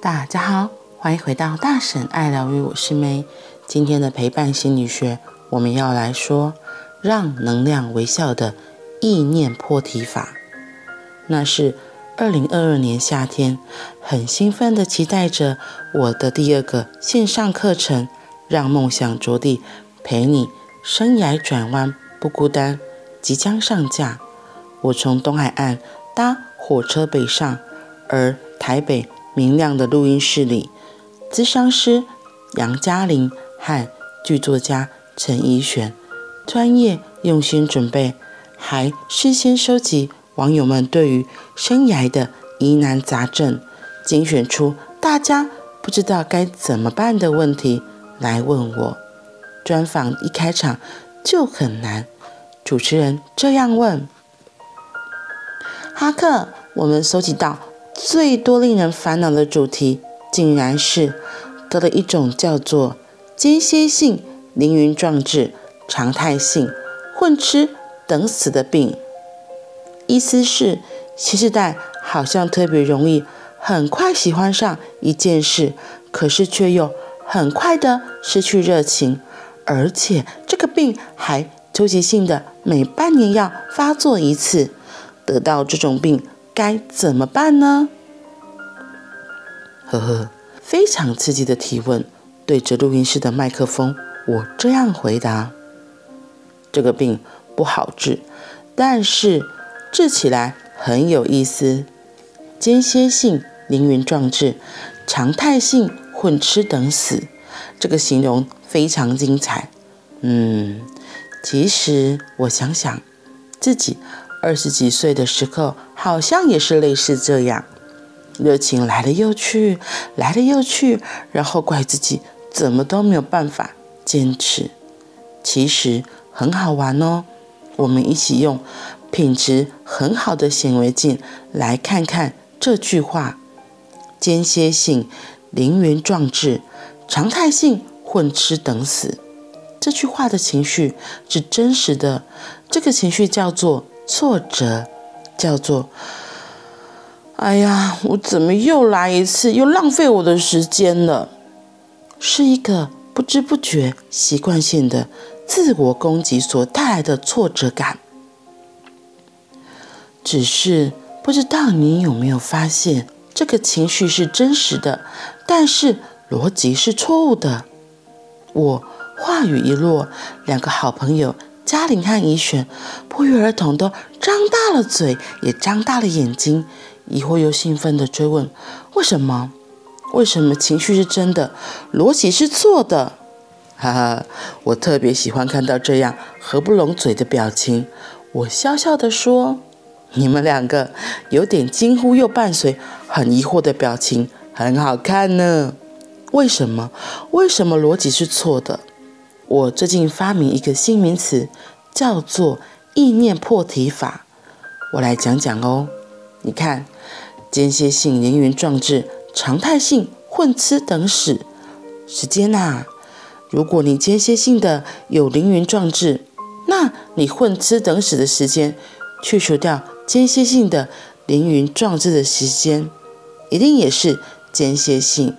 大家好，歡迎回到大嬸愛療癒。我是 May。今天的陪伴心理學，我們要來說，讓能量微小的意念破題法。那是二零二二年夏天，很興奮的期待着我的第二個線上課程《讓夢想着地》，陪你生涯轉彎不孤單，即將上架。我從東海岸搭火車北上，而台北。明亮的錄音室裡，諮商師楊嘉玲和劇作家陳怡璇專業用心準備，還事先收集網友們對於生涯的疑難雜症，精選出大家不知道該怎麼辦的問題來問我。專訪一開場就很難，主持人這樣問：“哈克，我們收集到。”最多令人煩惱的主題，竟然是得了一種叫做間歇性凌雲壯志、常態性混吃等死的病。意思是，新時代好像特別容易很快喜歡上一件事，可是卻又很快的失去熱情，而且這個病還糾結性的每半年要發作一次。得到這種病。該怎麼辦呢？呵呵，非常刺激的提問。對着錄音室的麥克風，我這樣回答：這個病不好治，但是治起來很有意思。間歇性凌雲壯志，常態性混吃等死。這個形容非常精彩。嗯，其實我想想，自己。二十幾歲的時候，好像也是類似這樣，熱情來了又去，來了又去，然後怪自己怎麼都沒有辦法堅持。其實很好玩哦，我們一起用品質很好的顯微鏡來看看這句話：間歇性凌雲壯志，常態性混吃等死。這句話的情緒是真實的，這個情緒叫做。挫折，叫做，哎呀，我怎麼又來一次，又浪費我的時間了，是一個不知不覺、習慣性的自我攻擊所帶來的挫折感。只是不知道你有沒有發現，這個情緒是真實的，但是邏輯是錯誤的。我話語一落，兩個好朋友。嘉玲和怡璇不約而同的張大了嘴，也張大了眼睛，疑惑又興奮的追問：“為什麼？為什麼情緒是真的，邏輯是錯的？”哈哈，我特別喜歡看到這樣合不攏嘴的表情。我笑笑的說：“你們兩個有點驚呼又伴隨很疑惑的表情，很好看呢。”為什麼？為什麼邏輯是錯的？我最近發明一個新名詞，叫做“意念破題法”。我來講講哦。你看，間歇性凌雲壯志，常態性混吃等死。時間吶、啊，如果你間歇性的有凌雲壯志，那你混吃等死的時間，去除掉間歇性的凌雲壯志的時間，一定也是間歇性，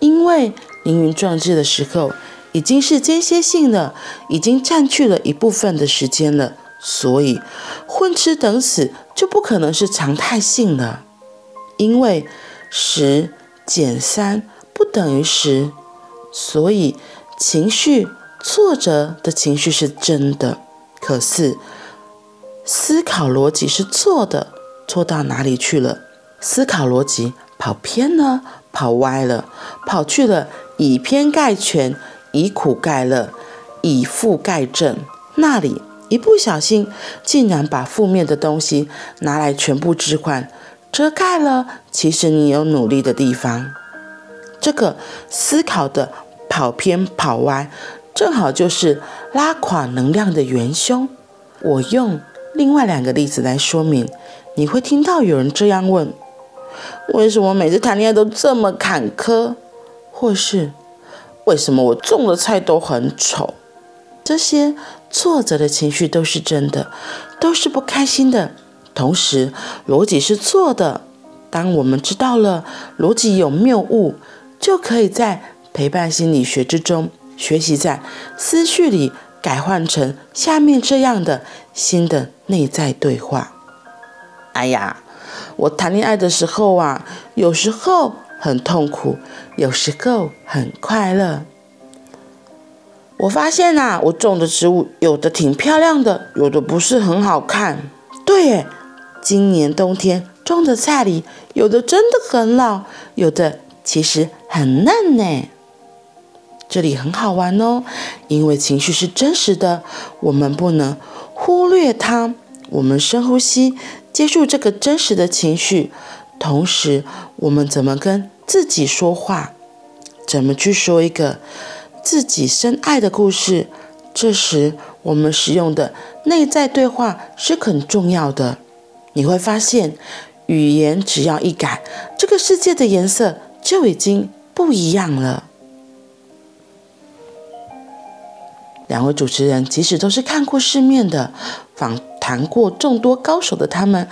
因為凌雲壯志的時候，已經是間歇性的，已經佔據了一部分的時間了，所以混吃等死就不可能是常態性了。因為十減三不等於十，所以情緒挫折的情緒是真的，可是思考邏輯是錯的，錯到哪裡去了？思考邏輯跑偏了，跑歪了，跑去了以偏概全。以苦概樂，以負概正。那裡一不小心，竟然把負面的東西拿來全部置換，遮蓋了其實你有努力的地方。這個思考的跑偏跑歪，正好就是拉垮能量的元凶。我用另外兩個例子來說明，你會聽到有人這樣問：為什麼每次談戀愛都這麼坎坷？或是……為什麼我種的菜都很醜？這些挫折的情緒都是真的，都是不開心的。同時，邏輯是錯的。當我們知道了邏輯有謬誤，就可以在陪伴心理學之中學習，在思緒裡改換成下面這樣的新的內在對話：哎呀，我談戀愛的時候啊，有時候。很痛苦，有時候很快樂。我發現吶、啊，我種的植物有的挺漂亮的，有的不是很好看。對，今年冬天種的菜裡，有的真的很老，有的其實很嫩呢。這裡很好玩哦，因為情緒是真實的，我們不能忽略它。我們深呼吸，接觸這個真實的情緒。同時，我們怎麼跟自己說話？怎麼去說一個自己深愛的故事？這時，我們使用的內在對話是很重要的。你會發現，語言只要一改，這個世界的顏色就已經不一樣了。兩位主持人，即使都是看過世面的，訪談過眾多高手的他們。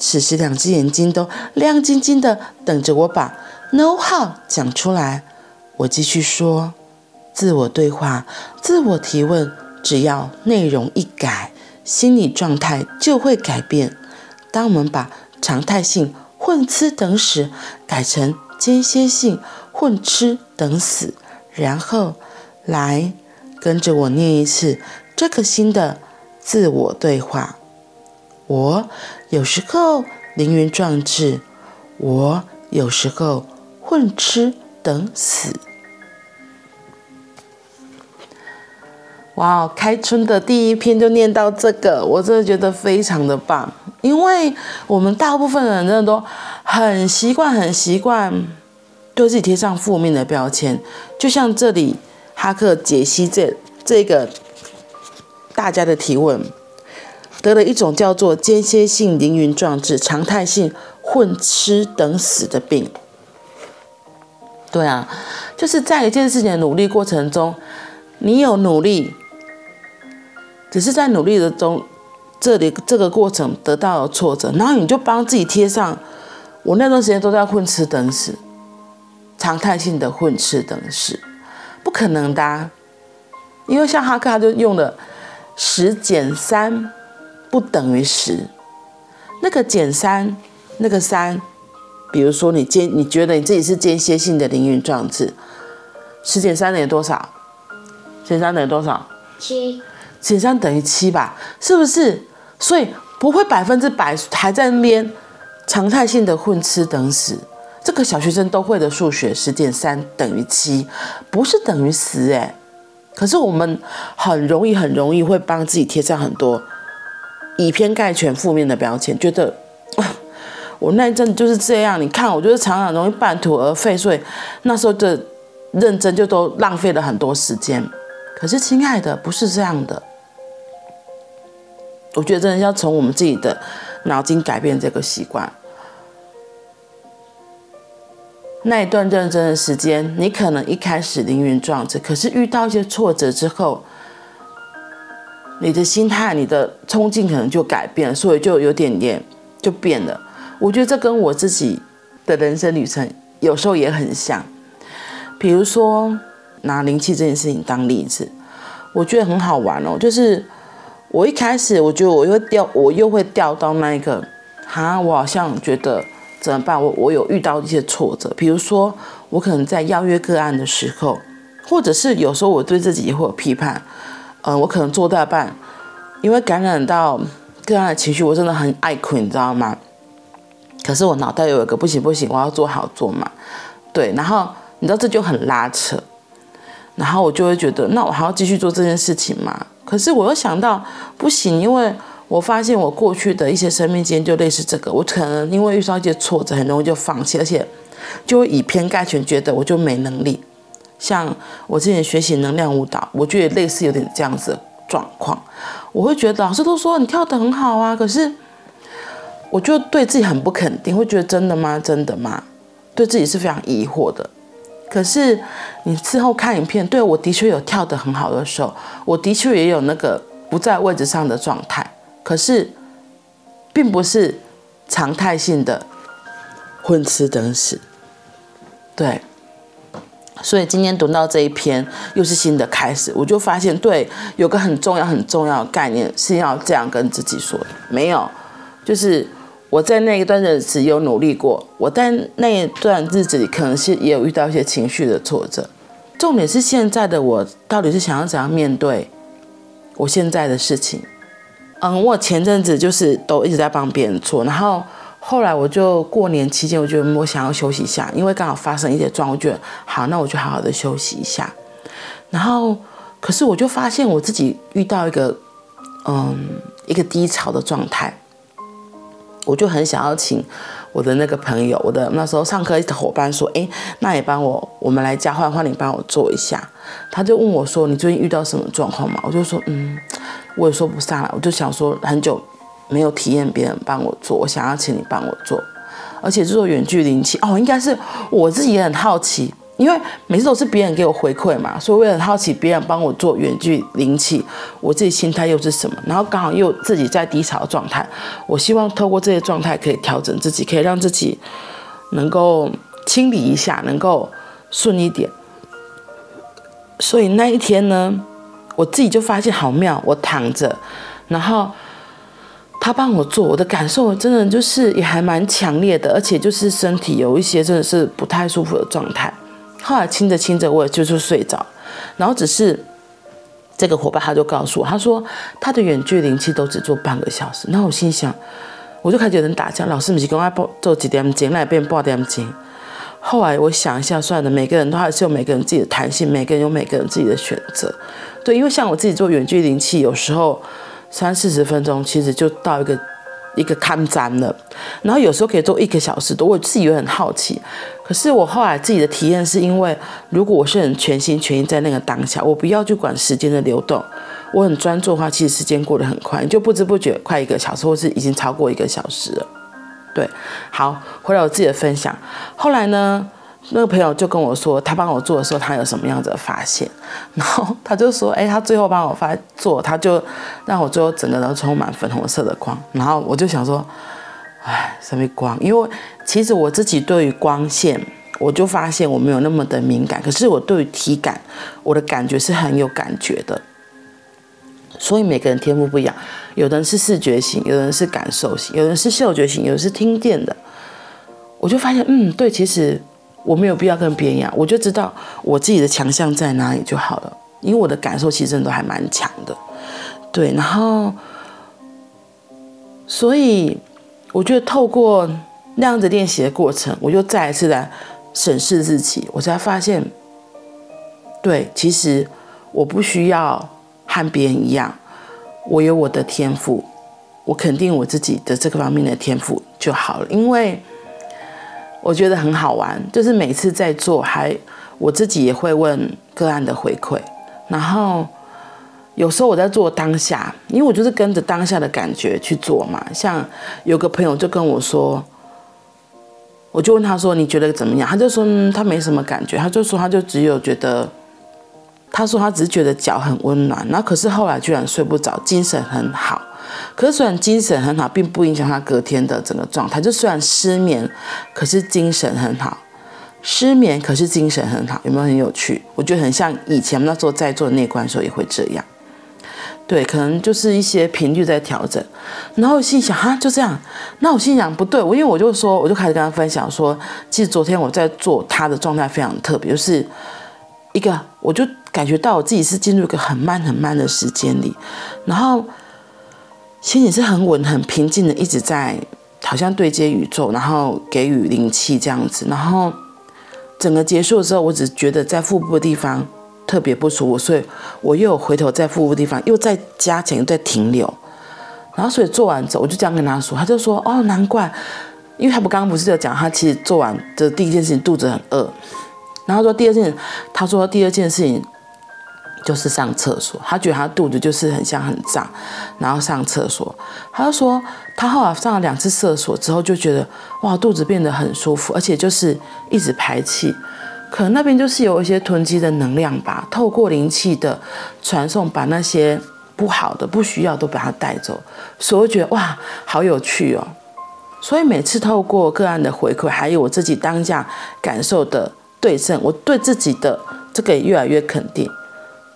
此時，兩隻眼睛都亮晶晶的，等着我把 “know-how” 講出來。我繼續說：“自我對話，自我提問，只要內容一改，心理狀態就會改變。當我們把常態性混吃等死改成間歇性混吃等死，然後來跟着我念一次這個新的自我對話，我。”有時候凌雲壯志，我有時候混吃等死。哇哦，開春的第一篇就念到這個，我真的覺得非常的棒，因為我們大部分人真的都很習慣、很習慣對自己貼上負面的標籤，就像這裡哈克解析這這個大家的提問。得了一種叫做間歇性凌雲壯志、常態性混吃等死的病。對啊，就是在一件事情的努力過程中，你有努力，只是在努力的中，這裡這個過程得到了挫折，然後你就幫自己貼上“我那段時間都在混吃等死”，常態性的混吃等死，不可能的啊。因為像哈克他就用了十減三。不等於十，那個減三，那個三，比如說你間，你覺得你自己是間歇性的凌雲壯志，十減三等於多少？減三等於多少？七。十減三等於七吧？是不是？所以不會百分之百還在那邊常態性的混吃等死。這個小學生都會的數學，十減三等於七，不是等於十誒，可是我們很容易很容易會幫自己貼上很多。以偏概全，負面的標籤，覺得我那一陣就是這樣。你看，我就是常常容易半途而廢，所以那時候的認真就都浪費了很多時間。可是，親愛的，不是這樣的。我覺得真的要從我們自己的腦筋改變這個習慣。那一段認真的時間，你可能一開始凌雲壯志，可是遇到一些挫折之後。你的心態，你的衝勁可能就改變了，所以就有點點就變了。我覺得這跟我自己的人生旅程有時候也很像。比如說拿靈氣這件事情當例子，我覺得很好玩哦。就是我一開始我覺得我又掉，我又會掉到那一個，哈、啊，我好像覺得怎麼辦？我我有遇到一些挫折，比如說我可能在邀約個案的時候，或者是有時候我對自己也會有批判。嗯、呃，我可能做大半，因為感染到各樣的情緒，我真的很愛哭，你知道嗎？可是我腦袋有一個不行不行，我要做好做滿。對，然後你知道這就很拉扯，然後我就會覺得，那我還要繼續做這件事情嗎？可是我又想到不行，因為我發現我過去的一些生命經驗就類似這個，我可能因為遇上一些挫折，很容易就放棄，而且就會以偏概全，覺得我就沒能力。像我之前學習能量舞蹈，我覺得類似有點這樣子的狀況，我會覺得老師都說你跳得很好啊，可是我就對自己很不肯定，會覺得真的嗎？真的嗎？對自己是非常疑惑的。可是你事後看影片，對，我的確有跳得很好的時候，我的確也有那個不在位置上的狀態，可是並不是常態性的混吃等死，對。所以今天讀到這一篇，又是新的開始，我就發現，對，有個很重要、很重要的概念是要這樣跟自己說的。沒有，就是我在那一段日子有努力過，我在那一段日子裡可能是也有遇到一些情緒的挫折。重點是現在的我到底是想要怎樣面對我現在的事情？嗯，我前陣子就是都一直在幫別人做，然後。後來我就過年期間，我覺得我想要休息一下，因為剛好發生一些狀況，我覺得好，那我就好好的休息一下。然後，可是我就發現我自己遇到一個，嗯，一個低潮的狀態，我就很想要請我的那個朋友，我的那時候上課的伙伴說，哎，那也幫我，我們來交換換，換你幫我做一下。他就問我說，你最近遇到什麼狀況嗎？我就說，嗯，我也說不上來，我就想說很久。沒有體驗別人幫我做，我想要請你幫我做，而且做遠距離靈氣哦，應該是我自己也很好奇，因為每次都是別人給我回饋嘛，所以我也很好奇別人幫我做遠距離靈氣，我自己心態又是什麼？然後剛好又自己在低潮的狀態，我希望透過這些狀態可以調整自己，可以讓自己能夠清理一下，能夠順一點。所以那一天呢，我自己就發現好妙，我躺着，然後。他幫我做，我的感受真的就是也還蠻強烈的，而且就是身體有一些真的是不太舒服的狀態。後來親着親着，我就是睡着，然後只是這個夥伴他就告訴我，他說他的遠距靈氣都只做半個小時。然後我心想，我就開始有人打架，老師不是跟他報做幾點鐘來變爆點鐘。後來我想一下，算了，每個人都還是有每個人自己的彈性，每個人有每個人自己的選擇。對，因為像我自己做遠距靈氣有時候。三四十分鐘其實就到一個一個看展了，然後有時候可以做一個小時多。我自己也很好奇，可是我後來自己的體驗是因為，如果我是很全心全意在那個當下，我不要去管時間的流動，我很專注的話，其實時間過得很快，就不知不覺快一個小時，或是已經超過一個小時了。對，好，回來我自己的分享。後來呢？那個朋友就跟我說，他幫我做的時候，他有什麼樣子的發現？然後他就說：“誒、哎，他最後幫我發做，他就讓我最後整個人充滿粉紅色的光。”然後我就想說：“哎，什麼光？因為其實我自己對於光線，我就發現我沒有那麼的敏感。可是我對於體感，我的感覺是很有感覺的。所以每個人天賦不一樣，有的人是視覺型，有的人是感受型，有的人是嗅覺型，有的是聽見的。我就發現，嗯，對，其實。”我沒有必要跟別人一樣，我就知道我自己的強項在哪裡就好了，因為我的感受其實真的都還蠻強的，對。然後，所以，我覺得透過那樣子練習的過程，我就再一次來審視自己，我才發現，對，其實我不需要和別人一樣，我有我的天賦，我肯定我自己的這個方面的天賦就好了，因為。我覺得很好玩，就是每次在做還，還我自己也會問個案的回饋。然後有時候我在做當下，因為我就是跟着當下的感覺去做嘛。像有個朋友就跟我說，我就問他說你覺得怎麼樣？他就說，嗯，他沒什麼感覺，他就說他就只有覺得，他說他只是覺得腳很溫暖。然後可是後來居然睡不着，精神很好。可是雖然精神很好，並不影響他隔天的整個狀態。就雖然失眠，可是精神很好。失眠，可是精神很好，有沒有很有趣？我覺得很像以前那時候在做內觀的時候也會這樣。對，可能就是一些頻率在調整。然後我心想哈，就這樣。那我心想不對，我因為我就說，我就開始跟他分享說，其實昨天我在做他的狀態非常特別，就是一個，我就感覺到我自己是進入一個很慢很慢的時間裡，然後。心裡是很穩、很平靜的，一直在好像對接宇宙，然後給予靈氣這樣子。然後整個結束的時候，我只覺得在腹部的地方特別不舒服，所以我又有回頭在腹部的地方又在加強又在停留。然後所以做完之後，我就這樣跟他說，他就說：“哦，難怪，因為他不剛剛不是在講他其實做完的第一件事情肚子很餓，然後說第二件事情，他說第二件事情。”就是上廁所，他覺得他肚子就是很像很脹，然後上廁所，他就說他後來上了兩次廁所之後，就覺得哇肚子變得很舒服，而且就是一直排氣，可能那邊就是有一些囤積的能量吧，透過靈氣的傳送，把那些不好的、不需要都把它帶走，所以我覺得哇好有趣哦，所以每次透過個案的回饋，還有我自己當下感受的對症，我對自己的這個也越來越肯定。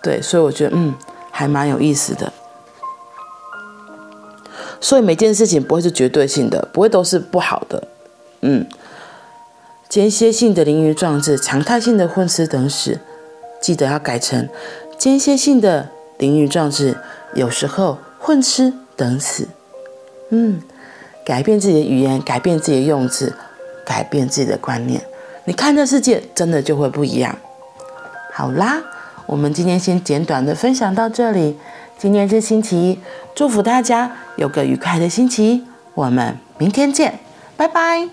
對，所以我覺得，嗯，還蠻有意思的。所以每件事情不會是絕對性的，不會都是不好的。嗯，間歇性的凌雲壯志，常態性的混吃等死。記得要改成間歇性的凌雲壯志，有時候混吃等死。嗯，改變自己的語言，改變自己的用字，改變自己的觀念，你看這世界真的就會不一樣。好啦。我們今天先簡短的分享到這裡。今天是星期一，祝福大家有個愉快的星期一，我們明天見，拜拜。